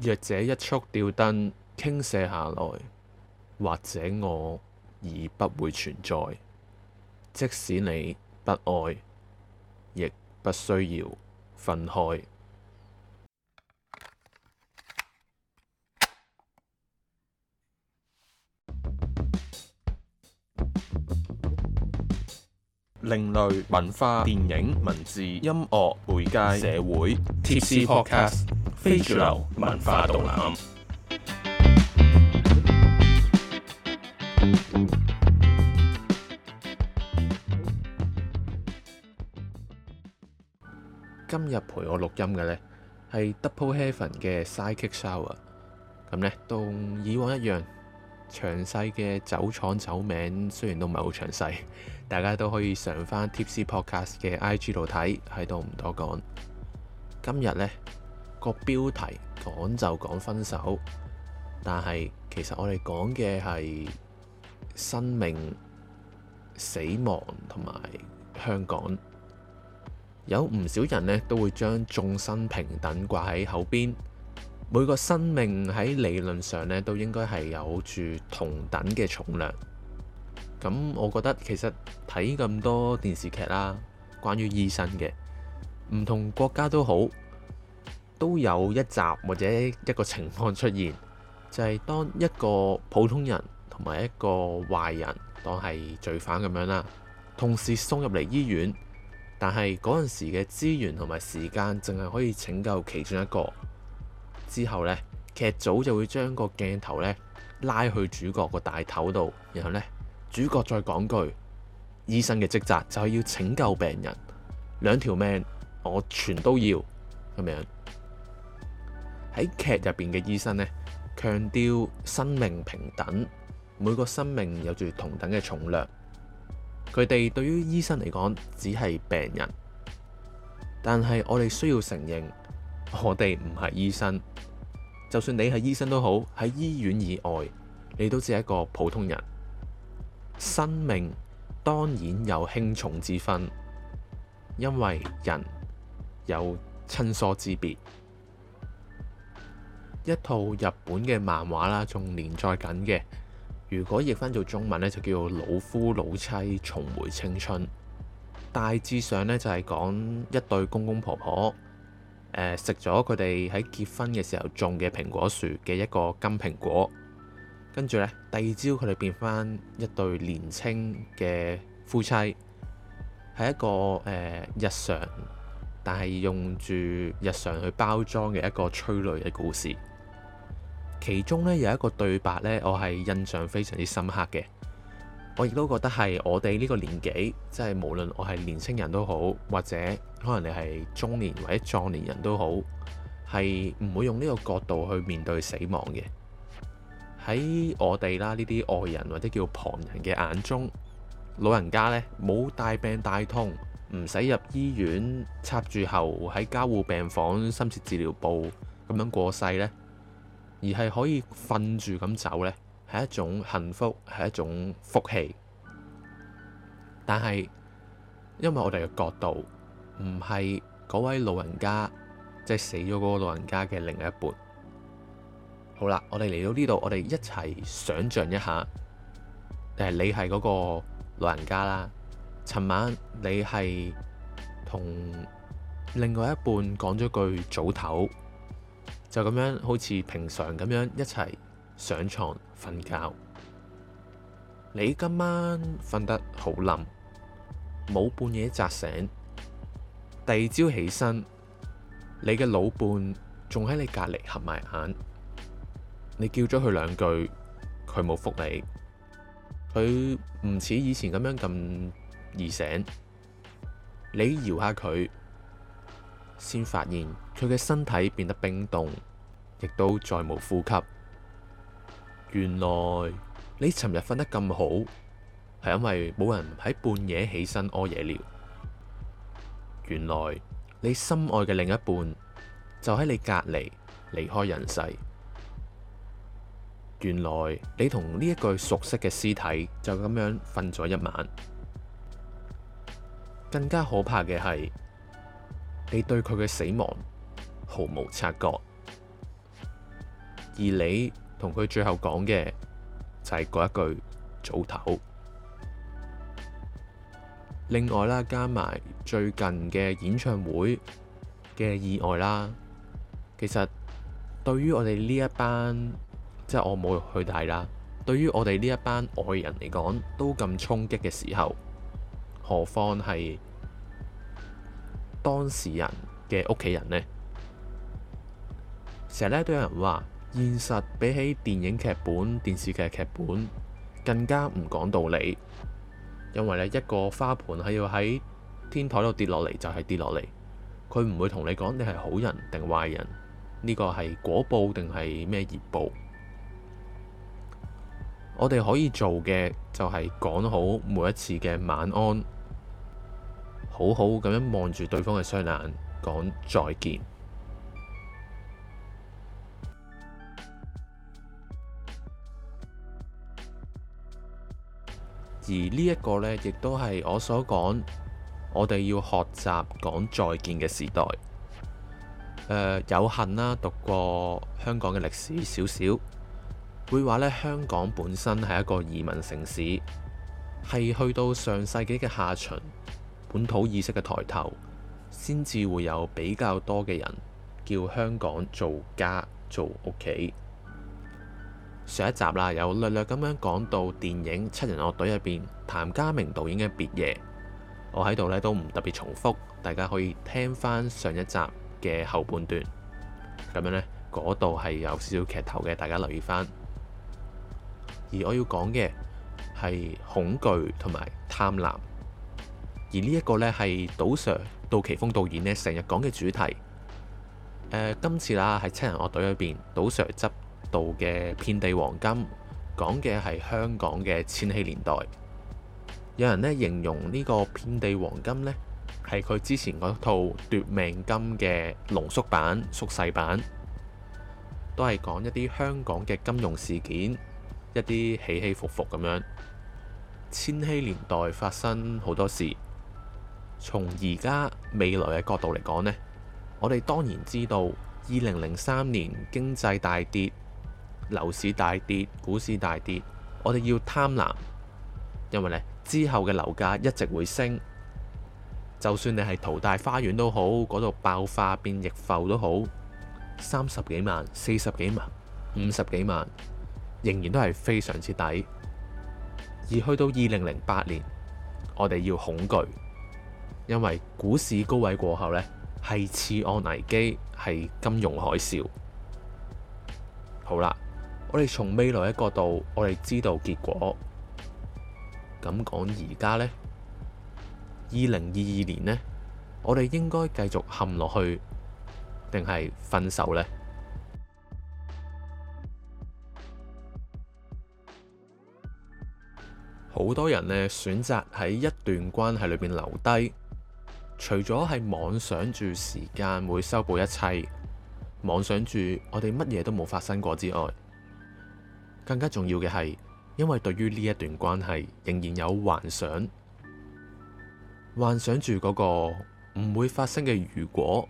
若這一束吊燈傾瀉下來，或者我已不會存在。即使你不愛，亦不需要分開。另類文化、電影、文字、音樂、媒介、社會、Tipsy Podcast。非主流文化導覽。今日陪我錄音嘅呢，係 Double Heaven 嘅 Psychic Shower。咁呢，同以往一樣，詳細嘅酒廠酒名雖然都唔係好詳細，大家都可以上翻 Tipsy Podcast 嘅 IG 度睇，喺度唔多講。今日呢。個標題講就講分手，但係其實我哋講嘅係生命、死亡同埋香港，有唔少人呢都會將眾生平等掛喺口邊。每個生命喺理論上呢，都應該係有住同等嘅重量。咁我覺得其實睇咁多電視劇啦、啊，關於醫生嘅，唔同國家都好。都有一集或者一個情況出現，就係當一個普通人同埋一個壞人當係罪犯咁樣啦，同時送入嚟醫院，但係嗰陣時嘅資源同埋時間，淨係可以拯救其中一個之後呢，劇組就會將個鏡頭呢拉去主角個大頭度，然後呢，主角再講句醫生嘅職責就係要拯救病人兩條命，我全都要咁樣。喺劇入面嘅醫生呢，強調生命平等，每個生命有住同等嘅重量。佢哋對於醫生嚟講，只係病人。但係我哋需要承認，我哋唔係醫生。就算你係醫生都好，喺醫院以外，你都只係一個普通人。生命當然有輕重之分，因為人有親疏之別。一套日本嘅漫畫啦，仲連載緊嘅。如果譯翻做中文呢，就叫做《老夫老妻重回青春》。大致上呢，就係講一對公公婆婆，食咗佢哋喺結婚嘅時候種嘅蘋果樹嘅一個金蘋果，跟住呢，第二朝佢哋變翻一對年輕嘅夫妻，係一個、呃、日常，但係用住日常去包裝嘅一個催淚嘅故事。其中呢有一個對白呢，我係印象非常之深刻嘅。我亦都覺得係我哋呢個年紀，即係無論我係年輕人都好，或者可能你係中年或者壯年人都好，係唔會用呢個角度去面對死亡嘅。喺我哋啦，呢啲外人或者叫旁人嘅眼中，老人家呢，冇大病大痛，唔使入醫院插住喉喺加護病房深切治療部咁樣過世呢。而係可以瞓住咁走呢係一種幸福，係一種福氣。但係因為我哋嘅角度唔係嗰位老人家，即係死咗嗰個老人家嘅另一半。好啦，我哋嚟到呢度，我哋一齊想象一下。誒，你係嗰個老人家啦。尋晚你係同另外一半講咗句早唞。就咁樣好似平常咁樣一齊上床瞓覺。你今晚瞓得好冧，冇半夜扎醒。第二朝起身，你嘅老伴仲喺你隔離合埋眼。你叫咗佢兩句，佢冇覆你。佢唔似以前咁樣咁易醒。你搖下佢。先發現佢嘅身體變得冰凍，亦都再無呼吸。原來你尋日瞓得咁好，係因為冇人喺半夜起身屙夜尿。原來你心愛嘅另一半就喺你隔籬離開人世。原來你同呢一具熟悉嘅屍體就咁樣瞓咗一晚。更加可怕嘅係。你對佢嘅死亡毫無察覺，而你同佢最後講嘅就係嗰一句早唞。另外啦，加埋最近嘅演唱會嘅意外啦，其實對於我哋呢一班即係我冇去睇啦，對於我哋呢一班外人嚟講都咁衝擊嘅時候，何況係？當事人嘅屋企人呢，成日都有人話，現實比起電影劇本、電視劇劇本更加唔講道理，因為呢一個花盆係要喺天台度跌落嚟就係跌落嚟，佢唔會同你講你係好人定壞人，呢個係果報定係咩業報？我哋可以做嘅就係講好每一次嘅晚安。好好咁樣望住對方嘅雙眼，講再見。而呢一個呢，亦都係我所講，我哋要學習講再見嘅時代。呃，有幸啦，讀過香港嘅歷史少少，會話呢，香港本身係一個移民城市，係去到上世紀嘅下旬。本土意識嘅抬頭，先至會有比較多嘅人叫香港做家做屋企。上一集啦，有略略咁樣講到電影《七人樂隊》入面，譚家明導演嘅《別夜》，我喺度呢都唔特別重複，大家可以聽翻上一集嘅後半段，咁樣呢，嗰度係有少少劇頭嘅，大家留意翻。而我要講嘅係恐懼同埋貪婪。而呢一個呢，係杜 Sir、杜琪峯導演呢成日講嘅主題。呃、今次啦喺《七人樂隊》裏邊，杜 Sir 執導嘅《遍地黃金》，講嘅係香港嘅千禧年代。有人呢形容呢個《遍地黃金》呢，係佢之前嗰套《奪命金》嘅濃縮版、縮細版，都係講一啲香港嘅金融事件，一啲起起伏伏咁樣。千禧年代發生好多事。從而家未來嘅角度嚟講呢，我哋當然知道二零零三年經濟大跌、樓市大跌、股市大跌，我哋要貪婪，因為呢，之後嘅樓價一直會升，就算你係淘大花園都好，嗰度爆發變逆浮都好，三十幾萬、四十幾萬、五十幾萬，仍然都係非常之抵。而去到二零零八年，我哋要恐懼。因為股市高位過後呢，係次按危機，係金融海嘯。好啦，我哋從未來嘅角度，我哋知道結果。咁講而家呢，二零二二年呢，我哋應該繼續陷落去，定係分手呢？好多人呢，選擇喺一段關係裏邊留低。除咗係妄想住時間會修補一切，妄想住我哋乜嘢都冇發生過之外，更加重要嘅係，因為對於呢一段關係仍然有幻想，幻想住嗰個唔會發生嘅如果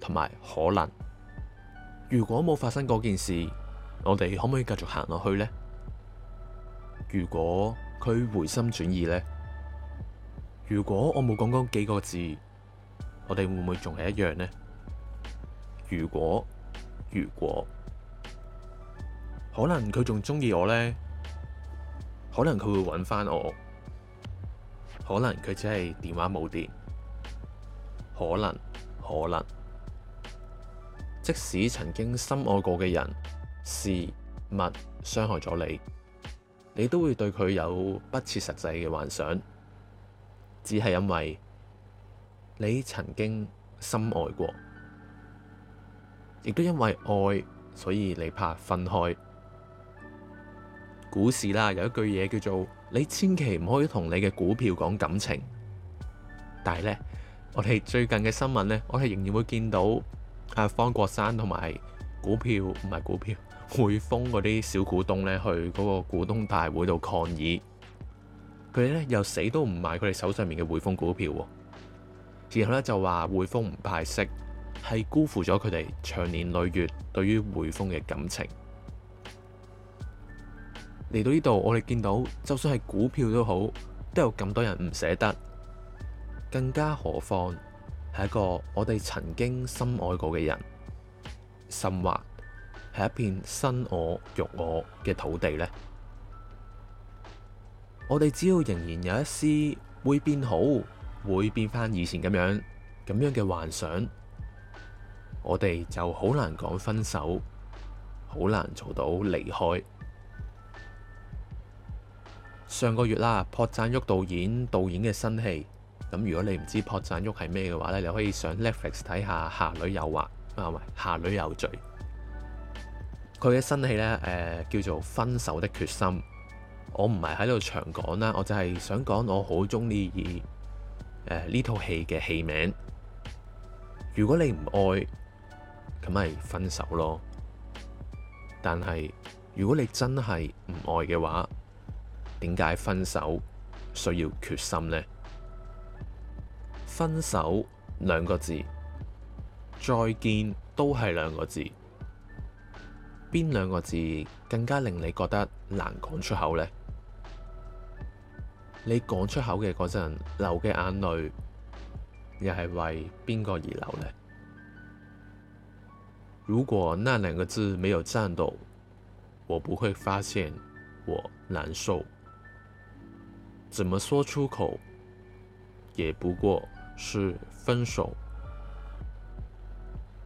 同埋可能，如果冇發生嗰件事，我哋可唔可以繼續行落去呢？如果佢回心轉意呢？如果我冇講嗰幾個字？我哋會唔會仲係一樣呢？如果，如果，可能佢仲中意我呢？可能佢會揾返我，可能佢只係電話冇電，可能可能，即使曾經深愛過嘅人、事、物傷害咗你，你都會對佢有不切實際嘅幻想，只係因為。你曾經深愛過，亦都因為愛，所以你怕分開。股市啦，有一句嘢叫做：你千祈唔可以同你嘅股票講感情。但係呢，我哋最近嘅新聞呢，我哋仍然會見到方國山同埋股票唔係股票，匯豐嗰啲小股東呢，去嗰個股東大會度抗議，佢哋呢，又死都唔賣佢哋手上面嘅匯豐股票喎。然後咧，就話匯豐唔派息係辜負咗佢哋長年累月對於匯豐嘅感情。嚟到呢度，我哋見到就算係股票都好，都有咁多人唔捨得。更加何況係一個我哋曾經深愛過嘅人，甚或係一片生我育我嘅土地呢。我哋只要仍然有一絲會變好會變翻以前咁樣咁樣嘅幻想，我哋就好難講分手，好難做到離開。上個月啦，朴讚旭導演導演嘅新戲咁。如果你唔知朴讚旭係咩嘅話呢，你可以上 Netflix 睇下《下女誘惑》啊，唔係《下女有罪》。佢嘅新戲呢誒、呃、叫做《分手的決心》。我唔係喺度長講啦，我就係想講，我好中意。呢套戲嘅戲名，如果你唔愛，咁咪分手咯。但係如果你真係唔愛嘅話，點解分手需要決心呢？分手兩個字，再見都係兩個字，邊兩個字更加令你覺得難講出口呢？你講出口嘅嗰陣流嘅眼淚，又係為邊個而流呢？如果那兩個字沒有顫抖，我不會發現我難受。怎麼說出口，也不過是分手。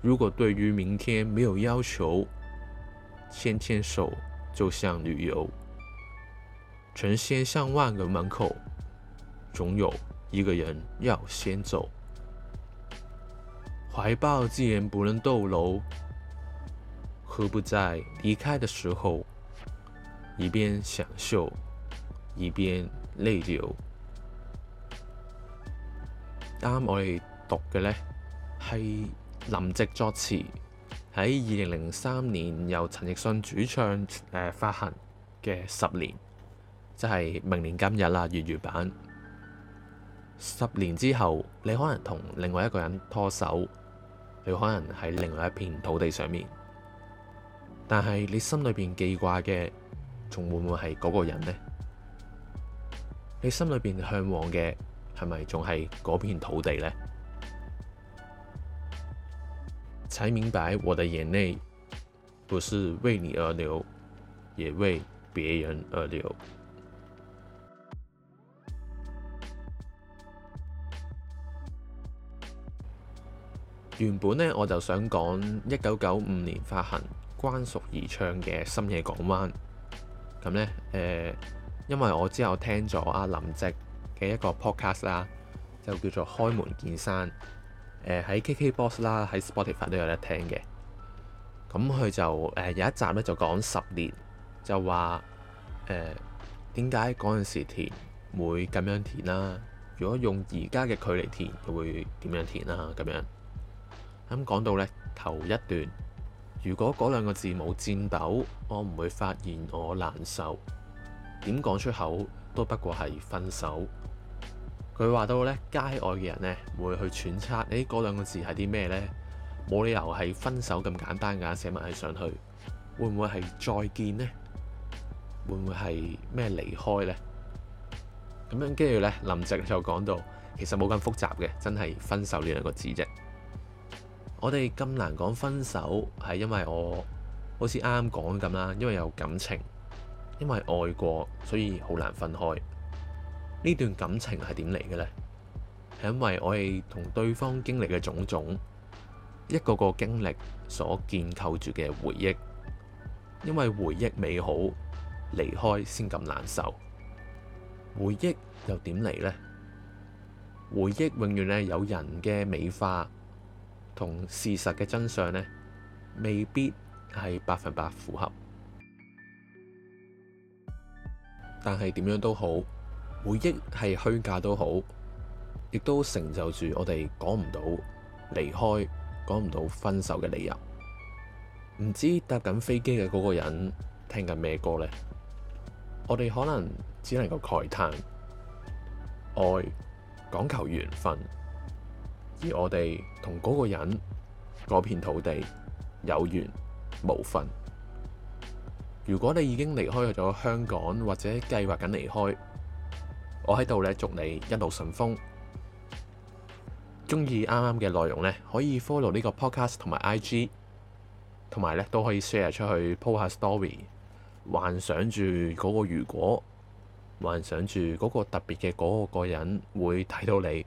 如果對於明天沒有要求，牽牽手就像旅遊。成千上萬個門口，總有一個人要先走。懷抱既然不能逗留，何不在離開的時候，一邊享受，一邊淚流。啱我哋讀嘅呢，係林夕作詞喺二零零三年由陳奕迅主唱誒、呃、發行嘅《十年》。即係明年今日啦，粵語版。十年之後，你可能同另外一個人拖手，你可能喺另外一片土地上面。但係你心裏邊記掛嘅，仲會唔會係嗰個人呢？你心裏邊嚮往嘅，係咪仲係嗰片土地呢？才明白，我的眼淚不是為你而流，也為別人而流。原本咧，我就想講一九九五年發行關淑怡唱嘅《深夜港灣》。咁呢，誒、呃，因為我之後聽咗阿林夕嘅一個 podcast 啦，就叫做《開門見山》。喺、呃、KKBox 啦，喺 Spotify 都有得聽嘅。咁佢就誒、呃、有一集咧，就講十年，就話誒點解嗰陣時填會咁樣填啦？如果用而家嘅距離填，佢會點樣填啦？咁樣。咁講到呢頭一段，如果嗰兩個字冇顫抖，我唔會發現我難受。點講出口都不過係分手。佢話到呢，街外嘅人呢會去揣測，誒嗰兩個字係啲咩呢？冇理由係分手咁簡單㗎，寫埋喺上去會唔會係再見呢？會唔會係咩離開呢？咁樣跟住呢，林夕就講到，其實冇咁複雜嘅，真係分手呢兩個字啫。我哋咁難講分手，係因為我好似啱啱講咁啦，因為有感情，因為愛過，所以好難分開。呢段感情係點嚟嘅呢？係因為我哋同對方經歷嘅種種，一個個經歷所建構住嘅回憶，因為回憶美好，離開先咁難受。回憶又點嚟呢？回憶永遠咧有人嘅美化。同事實嘅真相呢，未必係百分百符合。但係點樣都好，回憶係虛假都好，亦都成就住我哋講唔到離開、講唔到分手嘅理由。唔知搭緊飛機嘅嗰個人聽緊咩歌呢？我哋可能只能夠慨嘆，愛講求緣分。而我哋同嗰個人、嗰片土地有緣無份。如果你已經離開咗香港，或者計劃緊離開，我喺度咧，祝你一路順風。中意啱啱嘅內容呢，可以 follow 呢個 podcast 同埋 IG，同埋呢，都可以 share 出去 po 下 story。幻想住嗰個如果，幻想住嗰個特別嘅嗰個個人會睇到你。